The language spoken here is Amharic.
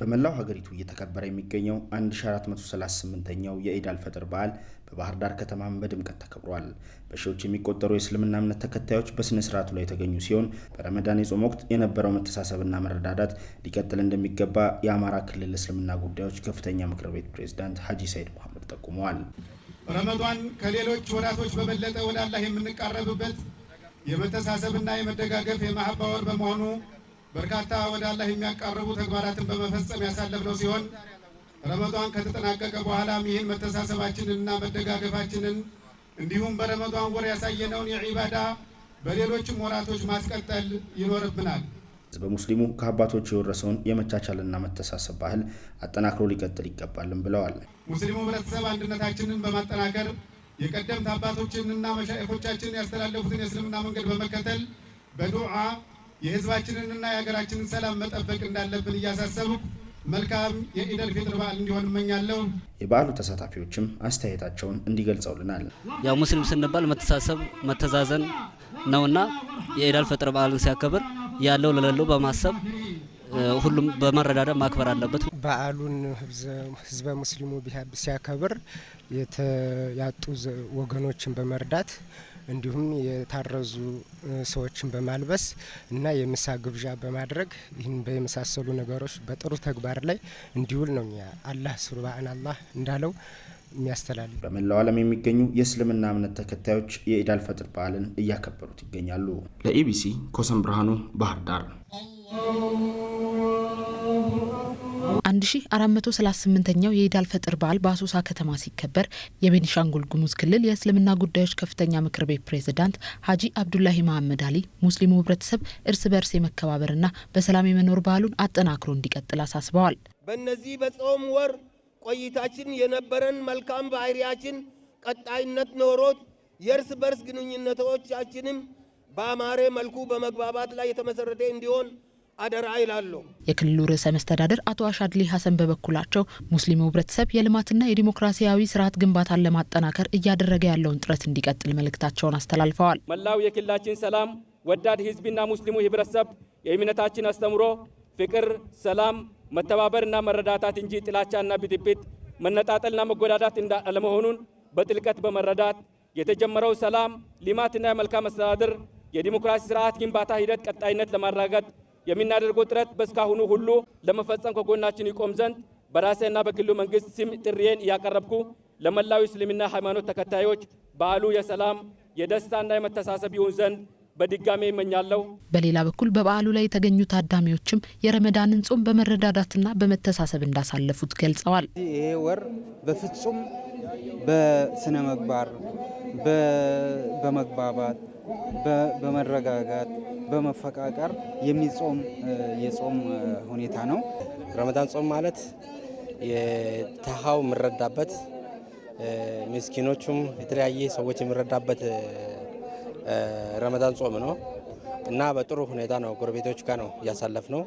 በመላው ሀገሪቱ እየተከበረ የሚገኘው 1438ኛው የኢድ አልፈጥር በዓል በባህር ዳር ከተማ በድምቀት ተከብሯል። በሺዎች የሚቆጠሩ የእስልምና እምነት ተከታዮች በስነ ስርዓቱ ላይ የተገኙ ሲሆን በረመዳን የጾም ወቅት የነበረው መተሳሰብና መረዳዳት ሊቀጥል እንደሚገባ የአማራ ክልል እስልምና ጉዳዮች ከፍተኛ ምክር ቤት ፕሬዝዳንት ሀጂ ሰይድ መሐመድ ጠቁመዋል። ረመዷን ከሌሎች ወራቶች በበለጠ ወደ አላህ የምንቃረብበት የመተሳሰብና የመደጋገፍ የማህባወር በመሆኑ በርካታ ወደ አላህ የሚያቃርቡ ተግባራትን በመፈጸም ያሳለፍነው ሲሆን ረመዷን ከተጠናቀቀ በኋላም ይህን መተሳሰባችንንና መደጋገፋችንን እንዲሁም በረመዷን ወር ያሳየነውን የዒባዳ በሌሎችም ወራቶች ማስቀጠል ይኖርብናል። ህዝበ ሙስሊሙ ከአባቶቹ የወረሰውን የመቻቻልና መተሳሰብ ባህል አጠናክሮ ሊቀጥል ይገባልም ብለዋል። ሙስሊሙ ህብረተሰብ አንድነታችንን በማጠናከር የቀደምት አባቶችንና መሻኤፎቻችን ያስተላለፉትን የእስልምና መንገድ በመከተል በዱዓ የህዝባችንንና የሀገራችንን ሰላም መጠበቅ እንዳለብን እያሳሰብኩ መልካም የኢደል ፊጥር በዓል እንዲሆን እመኛለሁ። የበዓሉ ተሳታፊዎችም አስተያየታቸውን እንዲገልጸውልናል። ያው ሙስሊም ስንባል መተሳሰብ፣ መተዛዘን ነውና የኢዳል ፈጥር በዓልን ሲያከብር ያለው ለሌለው በማሰብ ሁሉም በመረዳዳ ማክበር አለበት። በዓሉን ህዝበ ሙስሊሙ ሲያከብር የተያጡ ወገኖችን በመርዳት እንዲሁም የታረዙ ሰዎችን በማልበስ እና የምሳ ግብዣ በማድረግ ይህን በመሳሰሉ ነገሮች በጥሩ ተግባር ላይ እንዲውል ነው አላህ ሱብሃነ አላህ እንዳለው የሚያስተላልፍ። በመላው ዓለም የሚገኙ የእስልምና እምነት ተከታዮች የኢዳል ፈጥር በዓልን እያከበሩት ይገኛሉ። ለኢቢሲ ኮሰን ብርሃኑ ባህር ዳር 1438ኛው የኢዳል ፈጥር በዓል በአሶሳ ከተማ ሲከበር የቤኒሻንጉል ጉሙዝ ክልል የእስልምና ጉዳዮች ከፍተኛ ምክር ቤት ፕሬዝዳንት ሀጂ አብዱላሂ መሐመድ አሊ ሙስሊሙ ህብረተሰብ እርስ በርስ የመከባበርና በሰላም የመኖር ባህሉን አጠናክሮ እንዲቀጥል አሳስበዋል። በእነዚህ በጾም ወር ቆይታችን የነበረን መልካም ባህሪያችን ቀጣይነት ኖሮት የእርስ በርስ ግንኙነቶቻችንም በአማረ መልኩ በመግባባት ላይ የተመሰረተ እንዲሆን አደራ ይላሉ። የክልሉ ርዕሰ መስተዳደር አቶ አሻድሊ ሀሰን በበኩላቸው ሙስሊሙ ህብረተሰብ የልማትና የዲሞክራሲያዊ ስርዓት ግንባታን ለማጠናከር እያደረገ ያለውን ጥረት እንዲቀጥል መልእክታቸውን አስተላልፈዋል። መላው የክልላችን ሰላም ወዳድ ህዝብና ሙስሊሙ ህብረተሰብ የእምነታችን አስተምሮ ፍቅር፣ ሰላም፣ መተባበርና መረዳታት እንጂ ጥላቻና ብጥብጥ መነጣጠልና መጎዳዳት እንዳለመሆኑን በጥልቀት በመረዳት የተጀመረው ሰላም ልማትና የመልካም አስተዳደር የዲሞክራሲ ስርዓት ግንባታ ሂደት ቀጣይነት ለማረጋገጥ የሚናደርገው ጥረት በእስካሁኑ ሁሉ ለመፈጸም ከጎናችን ይቆም ዘንድ በራሴና በክልሉ መንግስት ስም ጥሪዬን እያቀረብኩ ለመላው እስልምና ሃይማኖት ተከታዮች በዓሉ የሰላም የደስታና የመተሳሰብ ይሁን ዘንድ በድጋሜ ይመኛለሁ። በሌላ በኩል በበዓሉ ላይ የተገኙ ታዳሚዎችም የረመዳንን ጾም በመረዳዳትና በመተሳሰብ እንዳሳለፉት ገልጸዋል። ይሄ ወር በፍጹም በስነ ምግባር በመግባባት በመረጋጋት በመፈቃቀር የሚጾም የጾም ሁኔታ ነው። ረመዳን ጾም ማለት የተሃው የምረዳበት ምስኪኖቹም የተለያየ ሰዎች የሚረዳበት ረመዳን ጾም ነው እና በጥሩ ሁኔታ ነው ጎረቤቶች ጋር ነው እያሳለፍ ነው።